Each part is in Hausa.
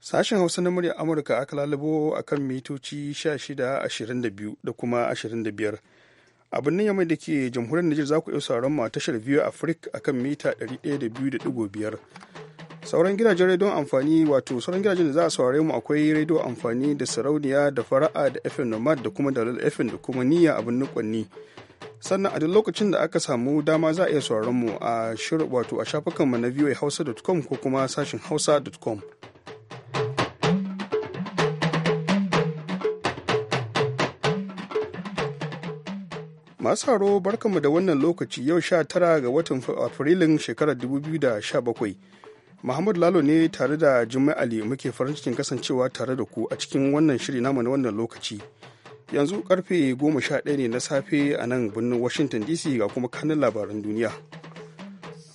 Sashen Hausa na murya Amurka aka lalubo a kan mitoci 16, 22 da kuma 25. abin nan yamai da ke jamhuriyar Nijar za ku iya sauran mu a tashar biyu a akan mita 102.5 sauran gidajen rediyon amfani wato sauran gidajen da za a saurare mu akwai rediyo amfani da sarauniya da fara'a da FM Nomad da kuma dalil FM da kuma niyya abin nukwanni sannan a duk lokacin da aka samu dama za a iya sauraron mu a shirin wato a mu na voahausa.com ko kuma sashin hausa.com masu haro barkanmu da wannan lokaci yau sha tara ga watan afrilun shekarar 2017 Muhammad Lalo ne tare da jima'i Ali muke farin cikin kasancewa tare da ku a cikin wannan shiri namu na wannan lokaci. yanzu karfe 11 ne na safe a nan birnin washington dc ga kuma kanin labaran duniya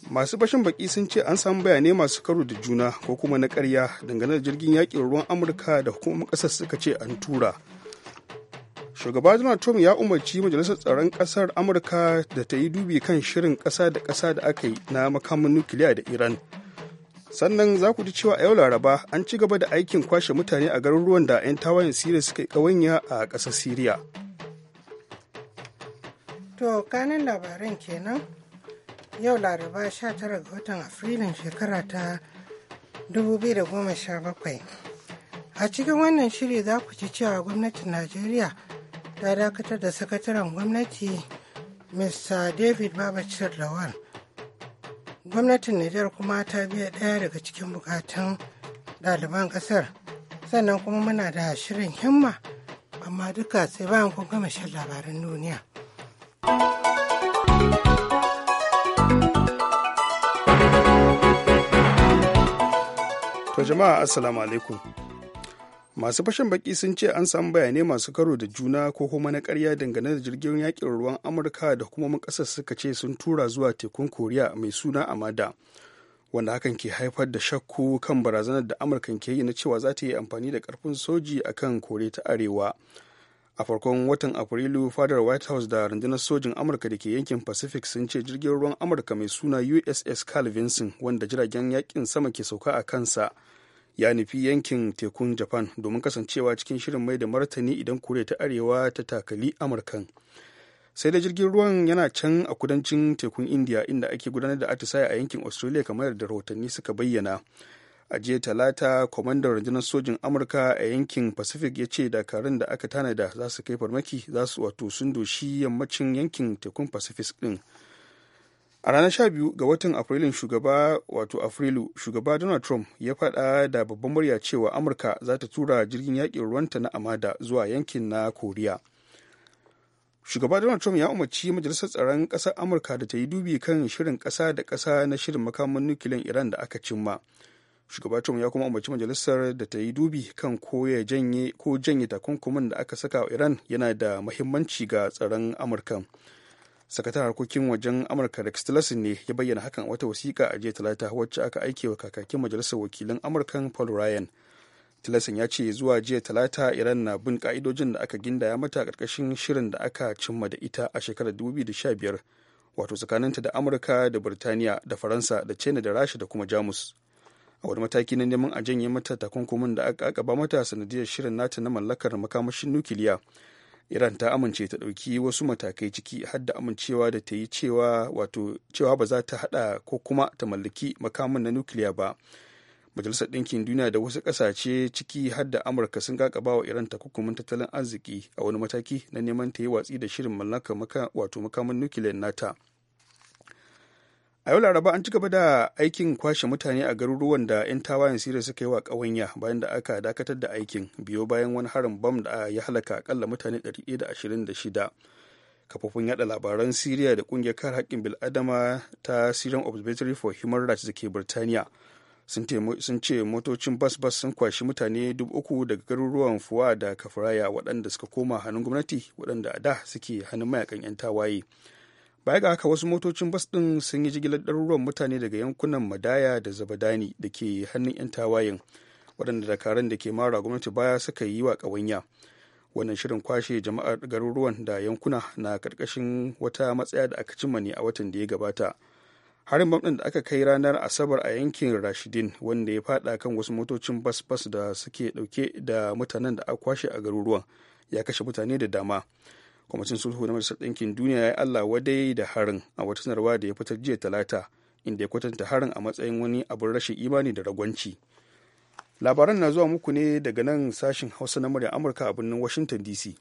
masu bashin baki sun ce an samu bayanai masu karo da juna ko kuma na karya dangane da jirgin yakin ruwan amurka da hukumar kasar suka ce an tura shugaba donald trump ya umarci majalisar tsaron kasar amurka da ta yi dubi kan shirin kasa da kasa da aka yi na makamin nukiliya da iran sannan za ku ji cewa a yau laraba an ci gaba da aikin kwashe mutane a garuruwan da 'yan tawayen siriya suka yi kawanya a ƙasar siriya to kanan labaran kenan yau laraba 19 ga watan afrilun shekara ta 2017 a cikin wannan shiri za ku ci cewa gwamnatin najeriya ta dakatar da sakataren gwamnati mr david babacir lawal gwamnatin nijar kuma ta biya ɗaya daga cikin bukatun ɗaliban ƙasar sannan kuma muna da shirin himma amma duka sai bayan kun gama shan labaran duniya to jama'a assalamu alaikum masu fashin baki sun ce an samu bayanai masu karo da juna ko kuma na karya dangane da jirgin yakin ruwan amurka da kuma makasar suka ce sun tura zuwa tekun koriya mai suna amada wanda hakan ke haifar da shakku kan barazanar da amurka ke yi na cewa za ta yi amfani da karfin soji a kan kore ta arewa a farkon watan afrilu fadar white house da rundunar sojin amurka da ke yankin pacific sun ce jirgin ruwan amurka mai suna uss carl vinson wanda jiragen yakin sama ke sauka a kansa ya nufi yankin tekun japan domin kasancewa cikin shirin mai da martani idan kure ta arewa ta takali amurkan sai da jirgin ruwan yana can a kudancin tekun india inda ake gudanar da atisaye a yankin australia kamar da rahotanni suka bayyana a jiya talata kwamandan rundunar sojin amurka a yankin pacific ya ce dakarun da aka tanada za su kai farmaki za su wato sun doshi yammacin yankin tekun pacific din a ranar biyu ga watan afrilun shugaba wato afrilu shugaba donald trump ya faɗa da babban murya cewa amurka za ta tura jirgin yakin ruwanta na amada zuwa yankin na koriya shugaba donald trump ya umarci majalisar tsaron ƙasar amurka da ta yi dubi kan shirin ƙasa da kasa na shirin makaman nukiliyan iran da aka cimma shugaba trump ya kuma umarci majalisar da ta yi dubi kan ko ya janye ko janye takunkumin da aka saka wa iran yana da muhimmanci ga tsaron amurka sakataren harkokin wajen amurka rex tillerson ne ya bayyana hakan a wata wasiƙa a jiya talata wacce aka aike wa kakakin majalisar wakilan amurkan paul ryan tillerson ya ce zuwa jiya talata iran na bin ka'idojin da aka gindaya mata ƙarƙashin shirin da aka cimma da ita a shekarar 2015 wato tsakaninta da amurka da birtaniya da faransa da china da rasha da kuma jamus a wani mataki na neman a janye mata takunkumin da aka ba mata sanadiyar shirin nata na mallakar makamashin nukiliya iran ta amince ta ɗauki wasu matakai ciki har da amincewa da ta yi cewa wato cewa ba za ta haɗa ko kuma ta mallaki makamin na nukiliya ba majalisar ɗinkin duniya da wasu ƙasashe ciki har da amurka sun gagaba wa iran takunkumin tattalin arziki a wani mataki na neman ta yi watsi da shirin mallaka wato makamin nukiliyar nata a yau laraba an ci gaba da aikin kwashe mutane a garuruwan da 'yan tawayen siriya suka yi wa kawanya bayan da aka dakatar da aikin biyo bayan wani harin bam da ya halaka akalla mutane 126 kafofin yada labaran siriya da kungiyar kare haƙƙin bil'adama ta syrian observatory for human rights da ke birtaniya sun ce motocin bas-bas sun kwashi mutane uku daga garuruwan fuwa da kafiraya waɗanda suka koma hannun gwamnati waɗanda a da suke hannun mayakan 'yan tawaye baya ga haka wasu motocin bas din sun yi jigilar ɗaruruwan mutane daga yankunan madaya da zabadani da ke hannun 'yan tawayen waɗanda dakaran da ke mara gwamnati baya suka yi wa ƙawanya wannan shirin kwashe jama'ar garuruwan da yankuna na karkashin wata matsaya da aka cimma ne a watan da ya gabata harin bam da aka kai ranar asabar a yankin rashidin wanda ya fada kan wasu motocin bas-bas da suke ɗauke da mutanen da aka kwashe a garuruwan ya kashe mutane da dama kwamitin sulhu na majalisar ɗinkin duniya ya yi allah wadai da harin a wata sanarwa da ya fitar jiya talata inda ya kwatanta harin a matsayin wani abin rashin imani da ragwanci labaran na zuwa muku ne daga nan sashin hausa na murya amurka a birnin washington dc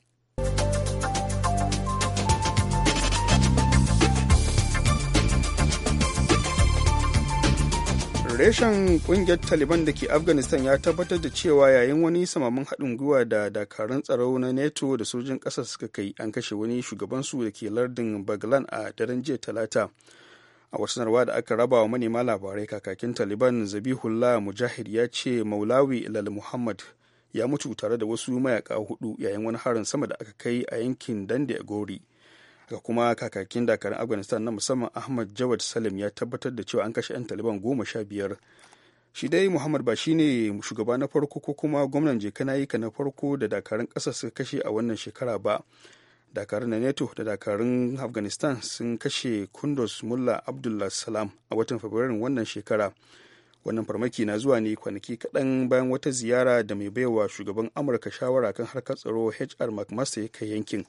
reshen kungiyar taliban da ke afghanistan ya tabbatar da cewa yayin wani samamin haɗin gwiwa da dakarun tsaro na neto da sojin ƙasa suka kai an kashe wani shugabansu da ke lardin bagalan a daren jiya talata a wasu sanarwa da aka raba wa manema labarai kakakin taliban zabihullah mujahid ya ce maulawi lal muhammad ya mutu tare da wasu mayaka hudu yayin wani harin sama da aka kai a yankin dande gori ga kuma kakakin dakarun afghanistan na musamman ahmad jawad salim ya tabbatar da cewa an kashe 'yan taliban goma sha biyar shi dai muhammad ba shi ne shugaba na farko ko kuma gwamnan jeka na farko da dakarun ƙasa suka kashe a wannan shekara ba dakarun na neto da dakarun afghanistan sun kashe kundus mullah abdullah salam a watan fabrairun wannan shekara wannan farmaki na zuwa ne kwanaki kaɗan bayan wata ziyara da mai baiwa shugaban amurka shawara kan harkar tsaro hr mcmaster ya kai yankin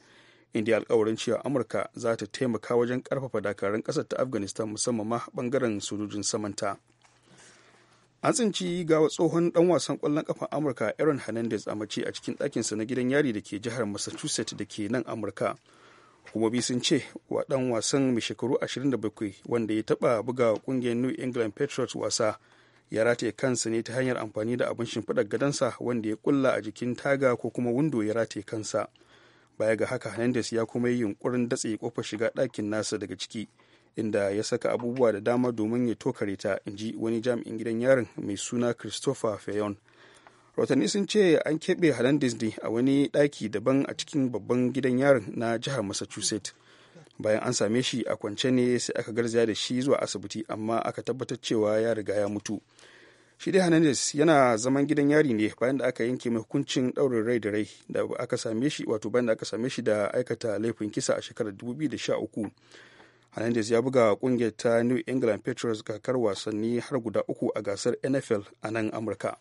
inda alkawarin cewa amurka za ta taimaka wajen karfafa dakarun kasar ta afghanistan musamman ma bangaren sojojin samanta an tsinci gawa tsohon dan wasan kwallon kafa amurka aaron hernandez a mace a cikin ɗakinsa na gidan yari da ke jihar massachusetts da ke nan amurka kuma bi sun ce wa dan wasan mai shekaru 27 wanda ya taba buga kungiyar new england patriots wasa ya rataye kansa ne ta hanyar amfani da abin shimfiɗar gadansa wanda ya kulla a jikin taga ko kuma windo ya rataye kansa baya ga haka hernandez ya kuma yi yunkurin datse kofar shiga ɗakin nasa daga ciki inda ya saka abubuwa da dama domin ya tokare ta in ji wani jami'in gidan yarin mai suna christopher fayon rotanni sun ce an keɓe hernandez ne a wani ɗaki daban a cikin babban gidan yarin na jihar massachusetts bayan an same shi a kwance ne sai aka garzaya da shi zuwa asibiti amma aka tabbatar cewa ya riga ya mutu shi dai hananis yana zaman gidan yari ne bayan da aka yanke mai hukuncin ɗaurin rai da rai da aka same shi wato bayan da aka same shi da aikata laifin kisa a shekarar 2013 hernandez ya buga kungiyar ta new england patriots kakar wasanni har guda uku a gasar nfl a nan amurka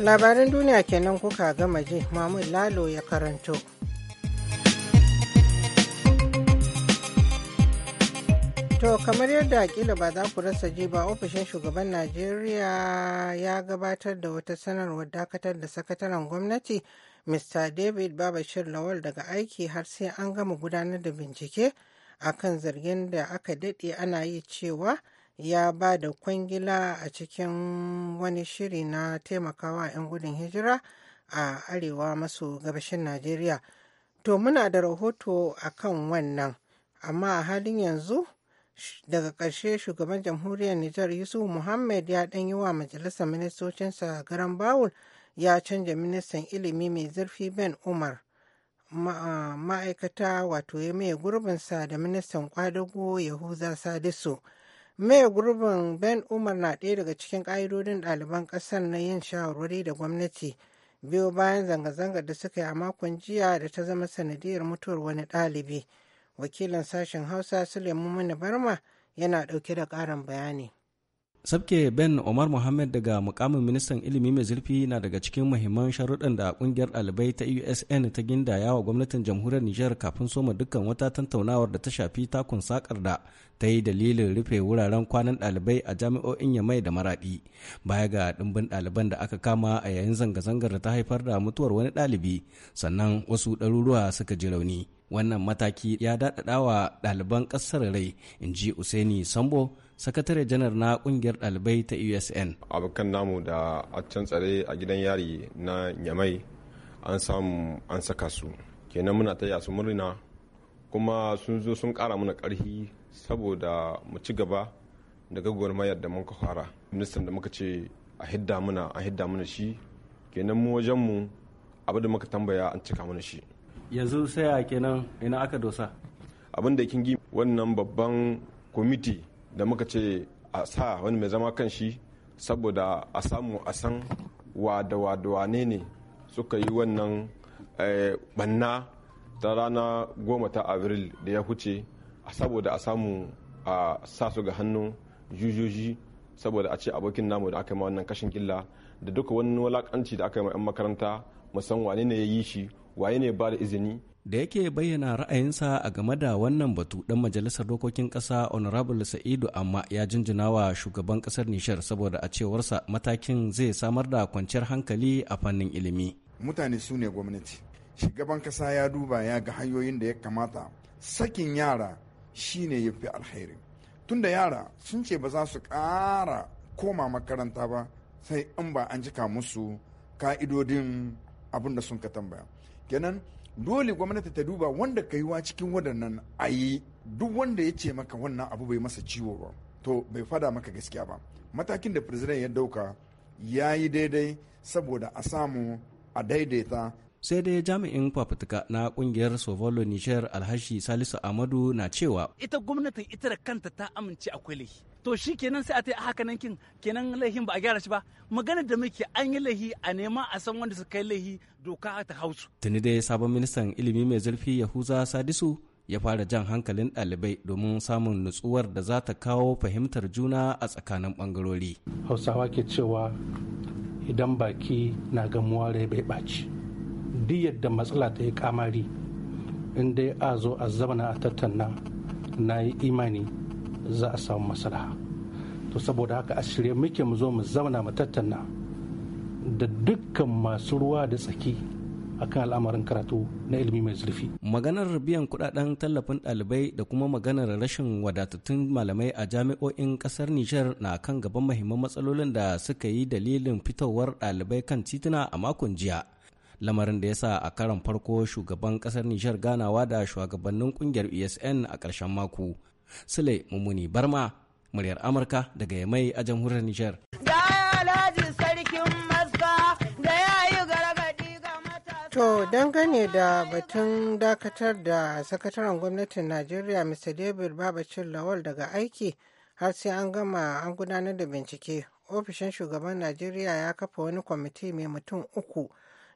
labaran duniya kenan kuka gama ji mahmud lalo ya karanto To kamar yadda Akila ba za ku rasa ji ba ofishin shugaban Najeriya ya gabatar da wata sanarwar dakatar da sakataren gwamnati Mr. David Babashir Lawal daga aiki har sai an gama gudanar da bincike a kan zargin da aka daɗe ana yi cewa ya ba da kwangila a cikin wani shiri na taimakawa 'yan gudun hijira a arewa maso gabashin Najeriya. To muna da rahoto a kan wannan, amma a halin yanzu daga ƙarshe shugaban jamhuriyar nijar yusuf muhammad ya ɗan yi wa majalisar ministocinsa garan bawul ya canja ministan ilimi mai zurfi ben umar ma'aikata wato ya mai gurbinsa da ministan kwadago yahuza sadisu Mai gurbin ben umar na ɗaya daga cikin ƙa'idodin ɗaliban ƙasar na yin shawarwari da gwamnati biyo bayan zanga-zangar da suka yi a makon jiya da ta zama sanadiyar mutuwar wani ɗalibi. wakilin sashen hausa suleiman mana barma yana ɗauke da karin bayani sabke ben omar mohammed daga mukamin ministan ilimi mai zurfi na daga cikin mahimman sharuɗan da kungiyar ɗalibai ta usn ta gindaya wa gwamnatin jamhuriyar niger kafin soma dukkan wata tattaunawar da ta shafi takun sakar da ta yi dalilin rufe wuraren kwanan ɗalibai a jami'o'in ya mai da maraɗi baya ga ɗimbin ɗaliban da aka kama a yayin zanga-zangar da ta haifar da mutuwar wani ɗalibi sannan wasu ɗaruruwa suka ji rauni wannan mataki ya daɗaɗa wa ɗaliban ƙasar rai in ji usaini sambo sakatare janar na ƙungiyar ɗalibai ta usn abokan namu da a can tsare a gidan yari na nyamai an samu an saka su kenan muna ta yasu murna kuma sun zo sun ƙara mana ƙarfi saboda mu ci gaba da mayar da muka fara ministan da muka ce a hidda muna a hidda muna shi kenan mu wajenmu abu da muka tambaya an cika mana shi yanzu sai a kenan ina aka dosa abin da kin gi wannan babban kwamiti da muka ce a sa wani mai zama kan shi saboda a samu a san wada wada wane ne suka yi wannan banna eh, ta rana goma ta abril da ya huce saboda a samu a sa su ga hannu jujuji saboda a ce abokin namu da aka yi wannan kashin gilla da duka wani walakanci da aka yi 'yan makaranta musan wane ne ya yi shi waye ne ba da izini da yake bayyana ra'ayinsa a game da wannan batu dan majalisar dokokin kasa honorable sa'idu amma ya jinjinawa shugaban kasar nishar saboda a cewarsa matakin zai samar da kwanciyar hankali a fannin ilimi mutane su ne gwamnati shugaban kasa ya duba ya ga hanyoyin da ya kamata sakin yara shine ya fi alheri tunda yara sun ce ba za su ƙara koma makaranta ba sai in ba an cika musu ka'idodin abin da sun ka tambaya kenan dole gwamnati ta duba wanda ka yi wa cikin waɗannan a yi duk wanda ya ce maka wannan abu bai masa ciwo ba to bai fada maka gaskiya ba matakin da president ya dauka ya yi daidai saboda a samu a daidaita sai dai jami'in fafutuka na kungiyar sovolo nishiyar alhashi salisu amadu na cewa ita gwamnatin ita da kanta ta amince akwai kwale. to shi kenan sai a ta ah, haka nan kin kenan laihin ba a gyara shi ba magana da muke an yi laihi a nema a san wanda su kai lahi doka ta hausu tuni dai sabon ministan ilimi mai zurfi yahuza sadisu ya fara jan hankalin ɗalibai domin samun nutsuwar da za ta kawo fahimtar juna a tsakanin bangarori. hausawa ke cewa idan baki na gamuwa rai bai ɓaci duk yadda matsala ta yi kamari in dai a zo a zamana a tattauna na yi imani za a samu maslaha to saboda haka a shirya muke mu zo mu zauna mu tattauna da dukkan masu ruwa da tsaki akan al'amarin karatu na ilimi mai zurfi. Maganar biyan kudaden tallafin dalibai da kuma maganar rashin wadatattun malamai a jami'o'in kasar Nijar na kan gaban mahimman matsalolin da suka yi dalilin fitowar dalibai kan tituna a makon jiya. Lamarin da ya sa a karon farko shugaban kasar Nijar ganawa da shugabannin kungiyar ESN a ƙarshen mako Sule Mumuni Barma, muryar Amurka daga Yamai a jamhuriyar Nijar. To dangane da batun dakatar da sakataren gwamnatin Najeriya Mr. David Babacin Lawal daga aiki har sai an gama an gudanar da bincike. Ofishin shugaban Najeriya ya kafa wani kwamiti mai mutum uku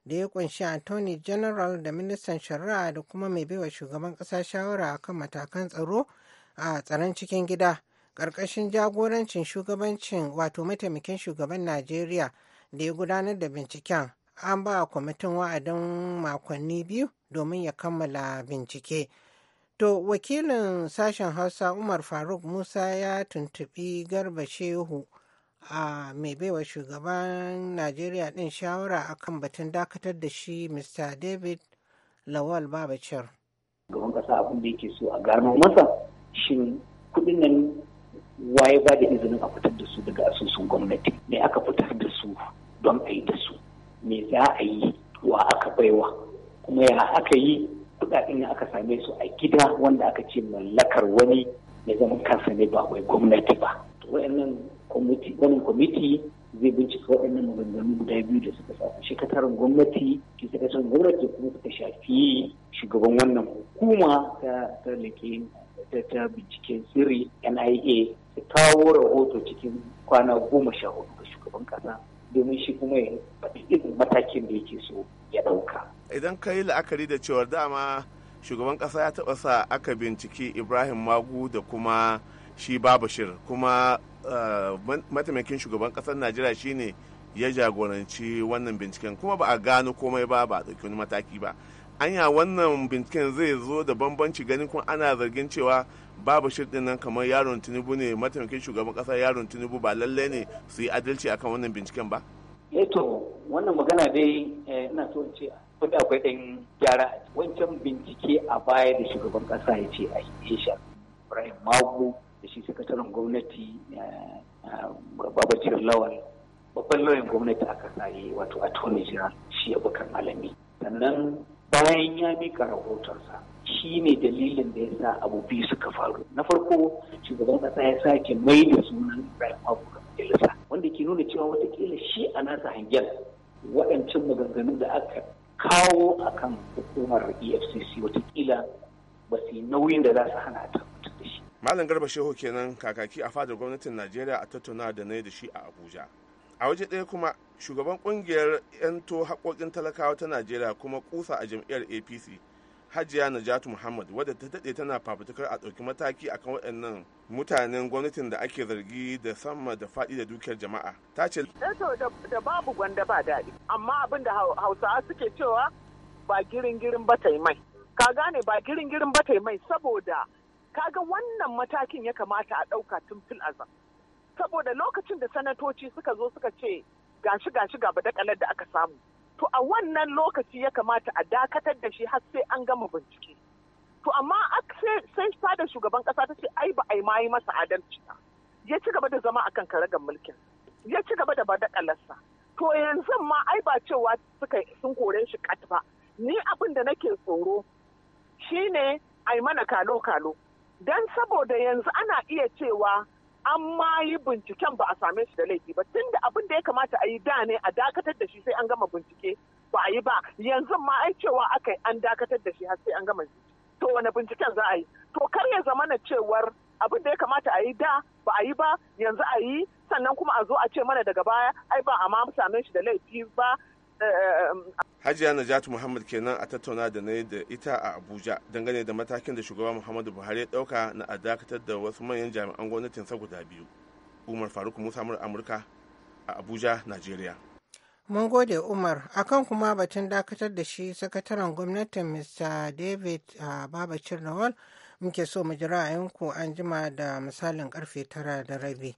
da ya kunshi Anthony General da ministan shari'a da kuma mai baiwa shugaban kasa shawara akan matakan tsaro a tsaron cikin gida ƙarƙashin jagorancin shugabancin wato mataimakin shugaban najeriya da ya gudanar da binciken an ba kwamitin wa'adin makonni biyu domin ya kammala bincike to wakilin sashen hausa umar faruk musa ya tuntubi garba shehu a mai baiwa shugaban najeriya din shawara akan batun dakatar da shi mr david lawal babacir gaban kasa abin da yake so a gano masa shin kuɗin nan waye ba da izinin a fitar da su daga asusun gwamnati me aka fitar da su don a yi da su me za a yi wa aka baiwa kuma ya aka yi kuɗaɗen da aka same su a gida wanda aka ce mallakar wani mai zaman kansa ne ba wai gwamnati ba wayannan kwamiti wannan kwamiti zai bincika waɗannan maganganu guda biyu da suka shafi shekatarin gwamnati ke sakataren gwamnati kuma suka shafi shugaban wannan hukuma ta ta IA su kawo rahoto cikin kwana goma sha hudu ga shugaban kasa domin shi kuma ya faɗi irin matakin da yake so ya ɗauka. Idan ka yi la'akari da cewar dama shugaban kasa ya taɓa sa aka binciki Ibrahim Magu da kuma shi Babashir kuma eh, mataimakin shugaban ƙasar Najeriya shine ya jagoranci wannan binciken kuma ba a gano komai ba ba a wani mataki ba anya wannan binciken zai zo da bambanci ganin kuma ana zargin cewa babu shirin nan kamar yaron tinubu ne mataimakin shugaban kasa yaron tinubu ba lallai ne su yi adalci akan wannan binciken ba eto eh wannan magana dai eh, ina so akwai ɗan gyara wancan bincike a baya da shugaban kasa ya ce a yi shi ibrahim magu da shi sakataren gwamnati eh, babacir lawal babban lauyan gwamnati aka tsaye wato attorney general shi abokan malami sannan bayan ya mika rahotonsa shi ne dalilin da ya sa abu biyu suka faru na farko shugaban kasa ya sake mai da sunan ibrahim abubakar majalisa wanda ke nuna cewa watakila shi a nasa hangen waɗancan maganganu da aka kawo akan hukumar efcc watakila ba su yi nauyin da za su hana ta da shi malam garba shehu kenan kakaki a fadar gwamnatin najeriya a tattauna da na da shi a abuja a waje ɗaya kuma shugaban ƙungiyar 'yanto haƙoƙin talakawa ta najeriya kuma kusa a jam'iyyar apc hajiya najatu muhammad wadda ta daɗe tana fafutukar a ɗauki mataki akan waɗannan mutanen gwamnatin da ake zargi da sama da faɗi da dukiyar jama'a ta ce eh da babu gwanda ba daɗi amma abin da hausawa suke cewa ba girin girin ba ta mai ka gane ba girin girin ba ta mai saboda kaga wannan matakin ya kamata a ɗauka tun fil azam saboda lokacin da sanatoci suka zo suka ce gashi gashi ga badakalar da aka samu to a wannan lokaci ya kamata a dakatar da shi har sai an gama bincike to amma sai fadar shugaban kasa ta ce ai ba ai ma masa adalci ba ya ci gaba da zama akan karagar mulkin ya ci gaba da badakalarsa to yanzu ma ai ba cewa suka sun kore shi kat ba ni abin da nake tsoro shine ai mana kalo kalo dan saboda yanzu ana iya cewa an ma yi binciken ba a same shi da laifi ba tunda abin da ya kamata a yi da ne a dakatar da shi sai an gama bincike ba a yi ba yanzu ma ai cewa aka an dakatar da shi har sai an gama to wani binciken za a yi to kar ya zama na cewar abin da ya kamata a yi da ba a yi ba yanzu a yi sannan kuma a zo a ce mana daga baya ai ba a ma same shi da laifi ba Hajiya Najat Muhammad kenan a tattauna da na da ita a Abuja dangane da matakin da shugaba Muhammadu Buhari ya dauka na a dakatar da wasu manyan jami'an gwamnatin sa guda biyu. Umar Faruk Musa Amurka a Abuja, nigeria. Mun gode Umar, akan kuma batun dakatar da shi sakataren gwamnatin Mr. David babacin rawal muke so mu ji ra'ayinku an jima da misalin karfe tara da rabi.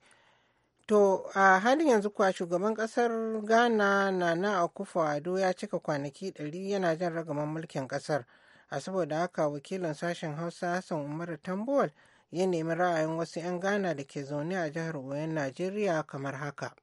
To a halin yanzu kuwa shugaban kasar Ghana na Nana kufa Ado ya cika kwanaki ɗari yana jan ragaman mulkin kasar. A saboda haka wakilin sashen Hausa Hassan Umaru Tambuwal ya nemi ra'ayin wasu 'yan Ghana da ke zaune a jihar Oyon Najeriya kamar haka.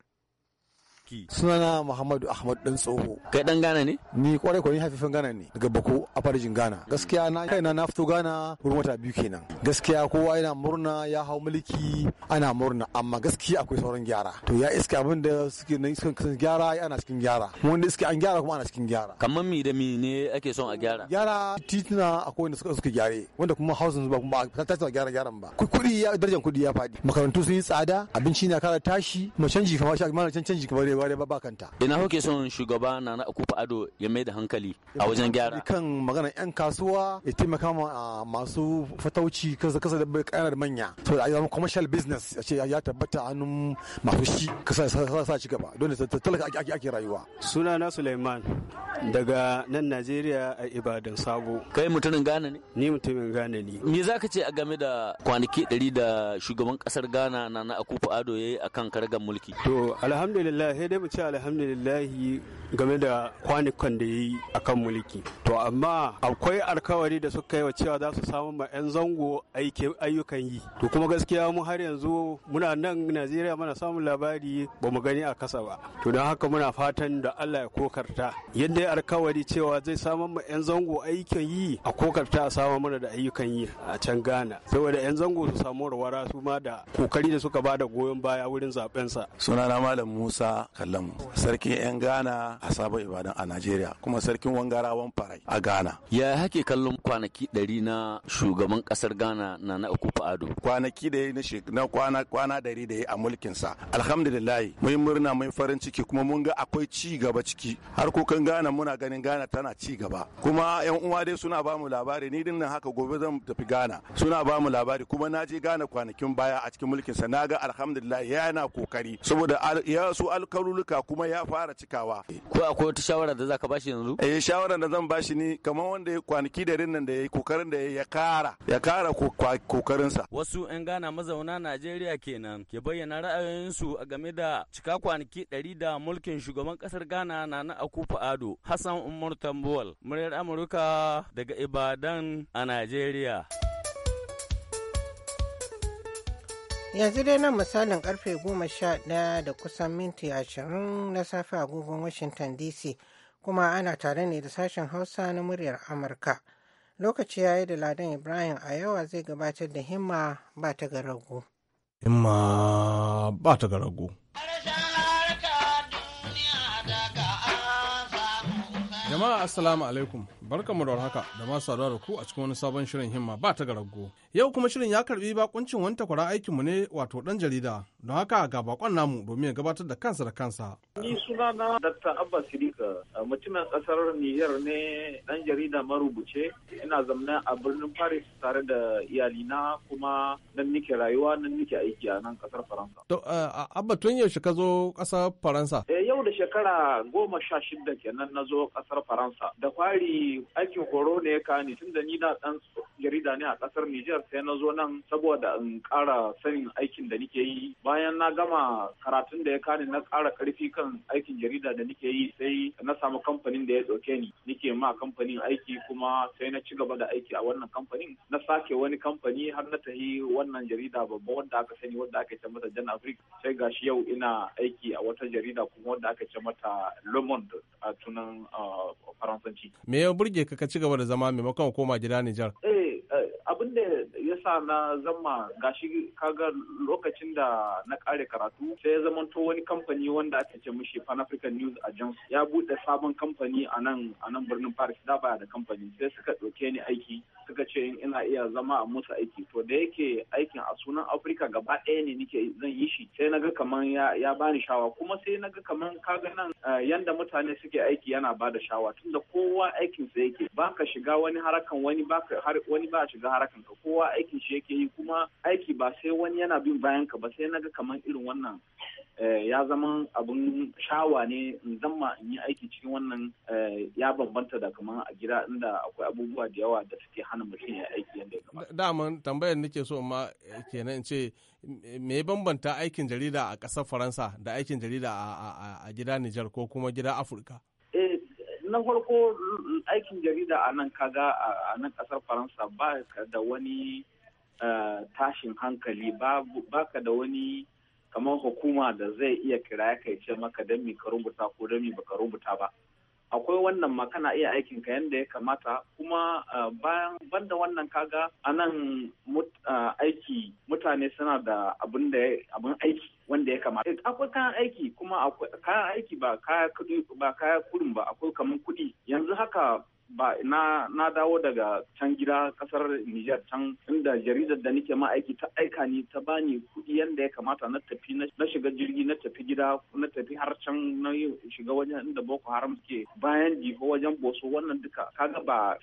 ciki. Sunana Muhammadu Ahmad Dan Tsoho. Kai dan gana ne? Ni kwarai kwarai haifafin gana ne daga Bako a farjin gana Gaskiya na kai na fito gana wurin wata biyu kenan. Gaskiya kowa yana murna ya hau mulki ana murna amma gaskiya akwai sauran gyara. To ya iska abin da suke na iska kan gyara ya ana cikin gyara. Wanda iska an gyara kuma ana cikin gyara. Kamar mi da mi ne ake son a gyara? Gyara tituna akwai wanda suka suka gyare wanda kuma hausin ba kuma ba ta ta gyara gyaran ba. kudi ya darajar kudi ya fadi Makarantu sun yi tsada abinci na kara tashi mu canji kamar shi a canji kamar ware ba bakanta ina kuke son shugaba na na akufa ado ya mai da hankali a wajen gyara kan magana yan kasuwa ya taimaka ma masu fatauci kasa kasa da bai kara manya to da zama commercial business a ce ya tabbata hannun masu shi kasa sa ci gaba don talaka ake ake rayuwa suna na Suleiman daga nan Najeriya a Ibadan Sabo kai mutumin Ghana ne ni mutumin Ghana ne me zaka ce a game da kwanaki 100 da shugaban kasar Ghana na na akufa ado a akan karagar mulki to alhamdulillah dai mu ce alhamdulillahi game da kwanukan da ya yi a kan mulki to amma akwai alkawari da suka yi wa cewa za su samu ma 'yan zango ayyukan yi to kuma gaskiya mu har yanzu muna nan najeriya mana samun labari ba mu gani a kasa ba to don haka muna fatan da allah ya kokarta yadda ya alkawari cewa zai samu ma 'yan zango ayyukan yi a kokarta a samu mana da ayyukan yi a can ghana saboda 'yan zango su samu warwara su ma da kokari da suka ba da goyon baya wurin zaben sa sunana malam musa kallon sarkin yan Ghana a sabon Ibadan a Najeriya kuma sarkin Wangara wan Farai a Ghana ya hake kallon kwanaki ɗari na shugaban ƙasar Ghana na na uku Ado kwanaki da ya na kwana kwana ɗari da ya a mulkin sa alhamdulillah mun murna mun farin ciki kuma mun ga akwai ci gaba ciki har harkokin Ghana muna ganin Ghana tana ci gaba kuma yan uwa dai suna bamu mu labari ni din nan haka gobe zan tafi Ghana suna bamu labari kuma na je Ghana kwanakin baya a cikin mulkin sa ga alhamdulillah yana kokari saboda ya su alkaru garuruka kuma ya fara cikawa. Ko akwai wata shawara da zaka bashi yanzu? Eh shawara da zan bashi ni kamar wanda ya kwanaki da rinnan da ya yi kokarin da ya kara ya kara kokarinsa. Wasu 'yan gana mazauna Najeriya kenan ke bayyana ra'ayoyinsu a game da cika kwanaki ɗari da mulkin shugaban ƙasar Ghana na na Akufo Ado Hassan Umar Tambuwal muryar Amurka daga Ibadan a Najeriya. yanzu dai nan misalin karfe 11 da kusan minti 20 na safe agogon washington dc kuma ana tare ne da sashen hausa na muryar amurka lokaci ya yi da ladan ibrahim a yawa zai gabatar da himma ba ta garago himma ba ta Jama'a Assalamu alaikum barkamu da haka da masu saduwa da ku a cikin wani sabon shirin himma ba ta garaggo. Yau kuma shirin ya karbi bakuncin wani takwara aikinmu ne wato dan jarida don haka ga bakon namu domin ya gabatar da kansa da kansa. Ni suna na Dr. Abba Sirika mutumin kasar Niger ne dan jarida marubuce ina zamna a birnin Paris tare da iyalina kuma nan nike rayuwa nan nike aiki a nan kasar Faransa. To eh, Abba tun yaushe ka zo kasar Faransa? Eh, yau da shekara goma sha shida kenan na zo kasar Faransa. Da fari aikin horo ne ya kani tun da ni na dan jarida ne a kasar Niger sai na zo nan saboda in kara sanin aikin da nike yi bayan na gama karatun da ya kani na kara karfi kan aikin jarida da nake yi sai na samu kamfanin da ya ɗauke ni nike ma kamfanin aiki kuma sai na ci gaba da aiki a wannan kamfanin na sake wani kamfani har na tahi wannan jarida babba wanda aka sani wanda aka ce mata Jan Africa sai gashi yau ina aiki a wata jarida kuma wanda aka ce mata Le Monde a tunan Faransanci. Me ya burge ka ka ci gaba da zama maimakon koma gida Nijar? Eh abin da ya sa na zama gashi kaga lokacin da na kare karatu sai ya zama to wani kamfani wanda ake ce mishi Pan African News agency. ya bude sabon kamfani a nan a nan birnin Paris da baya da kamfani sai suka ɗauke ni aiki suka ce ina iya zama a musu aiki to da yake aikin a sunan Afirka gaba ɗaya ne nike zan yi shi sai naga kaman ya bani shawa kuma sai naga kaman kaga nan eh, yanda mutane suke aiki yana bada shawa tunda kowa aikin sa yake baka shiga wani harakan wani baka wani ba shiga harakan ka kowa aikin shi yake yi kuma aiki ba sai wani yana bin bayan ka ba sai na ga kamar irin wannan eh, ya zama abun shawa ne in zama in yi aiki cikin wannan eh, ya bambanta da kamar a gida inda akwai abubuwa da yawa da suke hana mutum ya aiki yadda ya kamata. Daman tambayar nake so ma eh, kenan in ce me bambanta aikin jarida a kasar Faransa da aikin jarida a gida Nijar ko kuma gida Afirka? na farko aikin jarida a nan kaga a nan kasar faransa ba ka da wani eh, tashin hankali ba ka da wani kamar hukuma da zai iya kira ya kai ce maka don mi ka rubuta ko don mi baka rubuta ba akwai wannan ma kana iya aikin ka yadda ya kamata kuma bayan banda wannan kaga anan aiki mutane suna da abin aiki wanda ya kamata akwai kayan aiki kuma akwai kayan aiki ba kaya kudi ba kaya ba akwai kamar kudi yanzu haka ba na na dawo daga can gida kasar Nijar can inda jaridar da nake ma'aiki ta aika ni ta bani kuɗi yanda ya kamata na tafi na shiga jirgi na tafi gida na tafi har can na shiga wajen inda Boko Haram suke bayan jiho wajen boso wannan duka kaga ba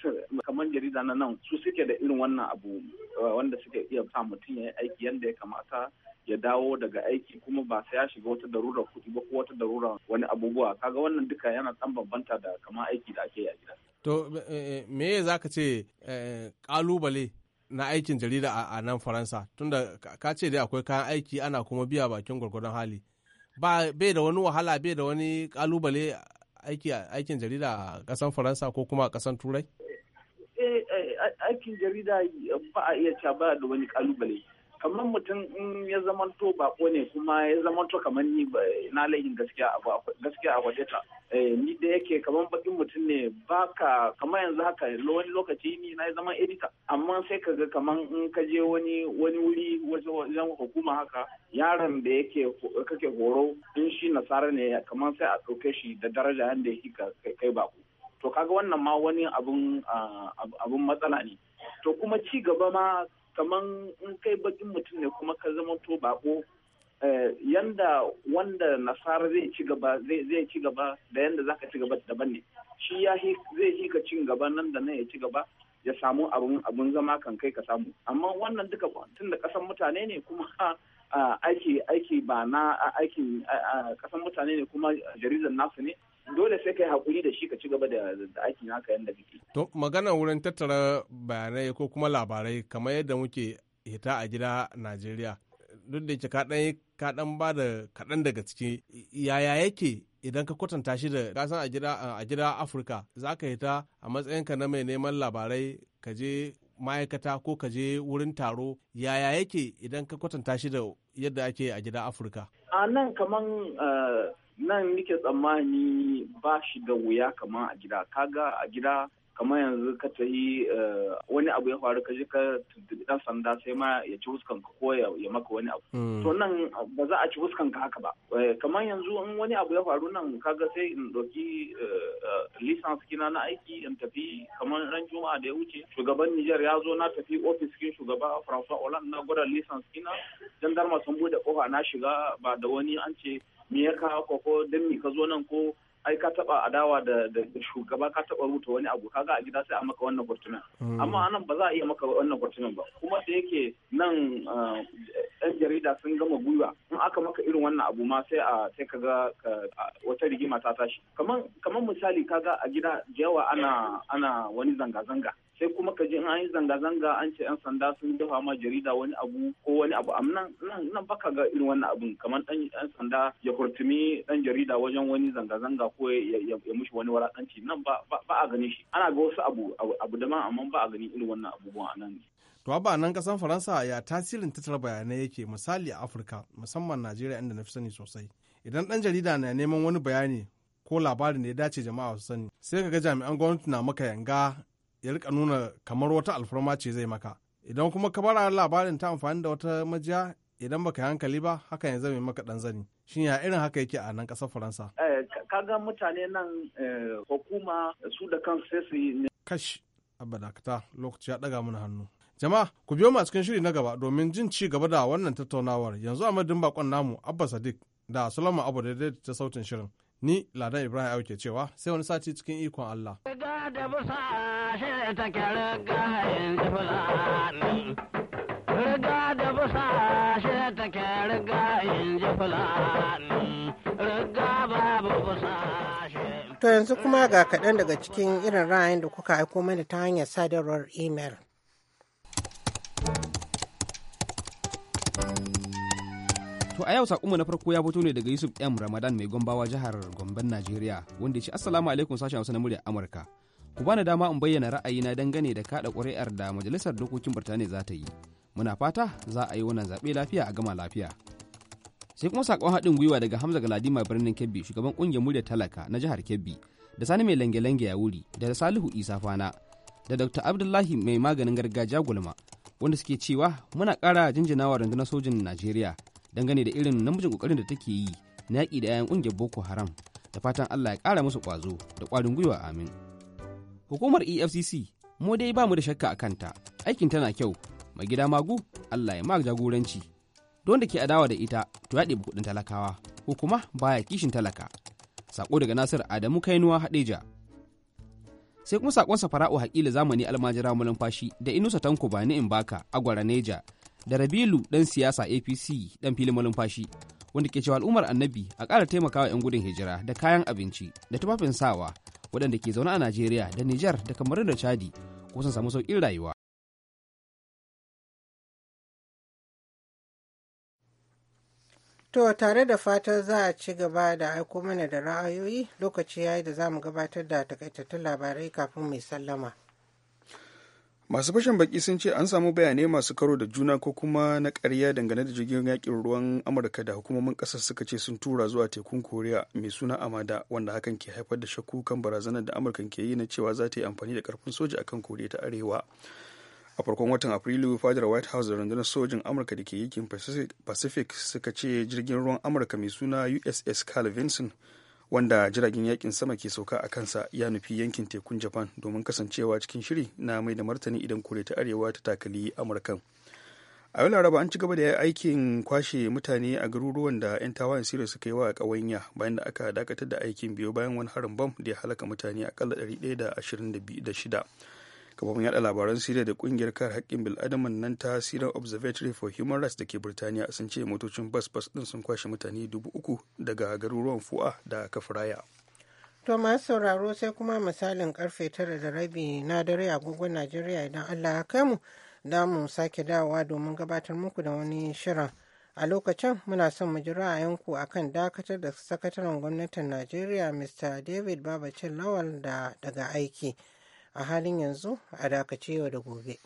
kamar jarida na nan su suke da irin wannan abu wanda suke iya sa mutum ya yi aiki yanda ya kamata ya dawo daga aiki kuma ba sai ya shiga wata darura kuɗi ba ko wata darura wani abubuwa kaga wannan duka yana ɗan bambanta da kamar aiki da ake yi a gida. To me eh, eh, za ka ce eh, ƙalubale na aikin jarida a nan Faransa tunda ka ce dai akwai kayan aiki ana kuma biya bakin gwargwadon hali. Ba bai da wani wahala bai da wani ƙalubale aiki aikin jarida a kasan Faransa ko kuma a kasan Turai? aikin jarida ba a iya ca ba da wani ƙalubale. kamar mutum in ya zamanto bako ne kuma ya zamanto kamar ni na layin gaskiya a eh, ni da yake kamar bakin mutum ne baka kamar yanzu haka wani lokaci ni na zama edita amma sai ka ga kamar in ka je wani wani wuri wajen hukuma haka yaron da yake kake horo in shi nasara ne kamar sai a ɗauke shi da daraja yadda yake kai bako to kaga wannan ma wani ah, abun matsala ne to kuma ci gaba ma kamar in kai bakin mutum ne kuma ka zama to bako eh, yanda wanda nasara zai ci gaba zai ci gaba da yanda zaka ci gaba daban ne shi ya zai shi ka cin gaba nan da nan ya ci gaba ya samu abun zama kan kai ka samu amma wannan duka tun da kasan mutane ne kuma aiki aiki ba na aikin kasan mutane ne kuma jaridar nasu ne dole sai ka yi hakuri da shi ka ci gaba da aikin haka yadda kake. To magana wurin tattara bayanai ko kuma labarai kamar yadda muke hita a gida Najeriya. Duk da yake kaɗan kaɗan ba da kaɗan daga ciki yaya yake idan ka kwatanta shi da kasan a gida a gida Afirka za ka hita a matsayinka na mai neman labarai ka je ma'aikata ko ka je wurin taro yaya yake idan ka kwatanta shi da yadda ake a gida Afirka. A nan kaman eh, nan nike tsammani ba shi da wuya kamar a gida kaga a gida kamar yanzu ka ta yi eh, wani abu ya faru ka ka tuntubi ɗan sanda sai ma ya ci huskan ka ko ya maka wani abu mm. to nan ba za a ci huskan ka haka ba eh, kamar yanzu in wani abu ya faru nan kaga sai in ɗauki eh, lisans kina na aiki in tafi kamar ran juma'a da ya wuce shugaban Nijar ya zo na tafi ofis kin shugaba francois Hollande na gwada lisans kina jandarma sun bude kofa na shiga ba da wani an ce me ya kawo ka ko don me ka zo nan ko ai ka taba adawa da shugaba ka taba rubuta wani abu kaga a gida sai a maka wannan gwartunan mm. amma anan ba za a iya maka wannan gwartunan ba kuma da yake nan ah, yan jarida sun gama gwiwa in aka maka irin wannan abu ma sai a sai kaga wata rigima ta tashi kaman kaman misali kaga a gida yawa ana ana wani zanga zanga sai kuma ka ji an yi zanga-zanga an ce 'yan sanda sun dafa ma jarida wani abu ko wani abu amma nan nan baka ga irin wannan abun kamar dan 'yan sanda ya hurtumi dan jarida wajen wani zanga-zanga ko ya mushi wani walakanci nan ba a gani shi ana ga wasu abu abu daban amma ba a gani irin wannan abubuwan a nan to ba nan kasan faransa ya tasirin tattara bayanai yake misali a afirka musamman najeriya inda na fi sani sosai idan dan jarida na neman wani bayani ko labarin da ya dace jama'a su sani sai ka ga jami'an gwamnati na maka yanga ya rika nuna kamar wata alfarma ce zai maka idan kuma ka bara labarin ta amfani da wata majiya idan baka yi hankali ba hakan ya zame maka dan zani shin ya irin haka yake a nan kasar faransa eh, ka ga mutane nan eh, hukuma su da kansu sai su yi kash abadakata lokaci ya daga mana hannu jama'a ku biyo mu cikin shiri na gaba domin jin ci gaba da wannan tattaunawar yanzu a madadin bakon namu abba sadiq da salama abu da ta sautin shirin ni ladan ibrahim ke cewa sai wani sati cikin ikon allah da busa shi take riga in fulani. Riga da busa take riga in fulani. Riga babu busa To yanzu kuma ga kaɗan daga cikin irin ra'ayin da kuka aiko mana ta hanyar sadarwar imel. To a yau sakonmu na farko ya fito ne daga Yusuf M Ramadan mai gombawa jihar Gomben Najeriya wanda ya ce Assalamu alaikum sashen Hausa na murya Amurka. ku bani dama in bayyana ra'ayina dangane da kada ƙuri'ar da majalisar dokokin birtaniya za ta yi muna fata za a yi wannan zaɓe lafiya a gama lafiya sai kuma sakon haɗin gwiwa daga hamza galadima birnin kebbi shugaban ƙungiyar murya talaka na jihar kebbi da sani mai lange-lange ya wuri da salihu isa fana da dr abdullahi mai maganin gargajiya gulma wanda suke cewa muna ƙara jinjinawa rundunar sojin najeriya dangane da irin namijin ƙoƙarin da take yi na yaƙi da 'ya'yan ƙungiyar boko haram da fatan allah ya ƙara musu ƙwazo da ƙwarin gwiwa amin Hukumar EFCC mu dai ba mu da shakka a kanta, aikin tana kyau, mai gida magu Allah ya mag jagoranci. Don da ke adawa da ita to ya ɗebi kuɗin talakawa, ko kuma baya kishin talaka. Sako daga Nasir Adamu Kainuwa Hadeja. Sai kuma sakon Safara'u Haƙila zamani almajira Fashi da Inusa Tanko Bani baka a Gwara Neja da Rabilu ɗan siyasa APC ɗan filin mulumfashi. fashi. wanda ke cewa al'ummar annabi a ƙara taimakawa 'yan gudun hijira da kayan abinci da tufafin sawa waɗanda ke zaune a najeriya da nijar da kamarin da chadi ko sun samu sauƙin rayuwa To tare da fatan za a ci gaba da aiko mana da ra'ayoyi lokaci yayi da za mu gabatar da takaitattun labarai kafin mai sallama. masu fashin baki sun ce an samu bayanai masu karo da juna ko kuma na karya dangane da jirgin yakin ruwan amurka da hukumomin ƙasar suka ce sun tura zuwa tekun koriya mai suna amada wanda hakan ke haifar da shakku kan barazanar da amurka ke yi na cewa za ta yi amfani da karfin soja akan koriya ta arewa a farkon watan afrilu fadar white house da rundunar sojin amurka da ke yakin pacific suka ce jirgin ruwan amurka mai suna uss carl vinson wanda jiragen yakin sama ke sauka a kansa ya nufi yankin tekun japan domin kasancewa cikin shiri na mai da martani idan kore ta arewa ta takali amurkan a yau laraba an ci gaba da aikin kwashe mutane a garuruwan da 'yan tawayen siriya suka yi wa ƙawanya bayan da aka dakatar da aikin biyu bayan wani harin bam da ya halaka mutane akalla 126 kafofin yada labaran siriya da kungiyar kare haƙƙin bil'adaman nan ta siran observatory for human rights da ke birtaniya sun ce motocin bas bas din sun kwashe mutane dubu uku daga garuruwan fu'a da kafiraya to masu sauraro sai kuma misalin karfe tara da rabi na dare agogon najeriya idan allah ya kai mu da mu sake dawowa domin gabatar muku da wani shirin a lokacin muna son mu ji ra'ayinku kan dakatar da sakataren gwamnatin najeriya mr david babacin lawal da daga aiki a halin yanzu a dakace yau da gobe.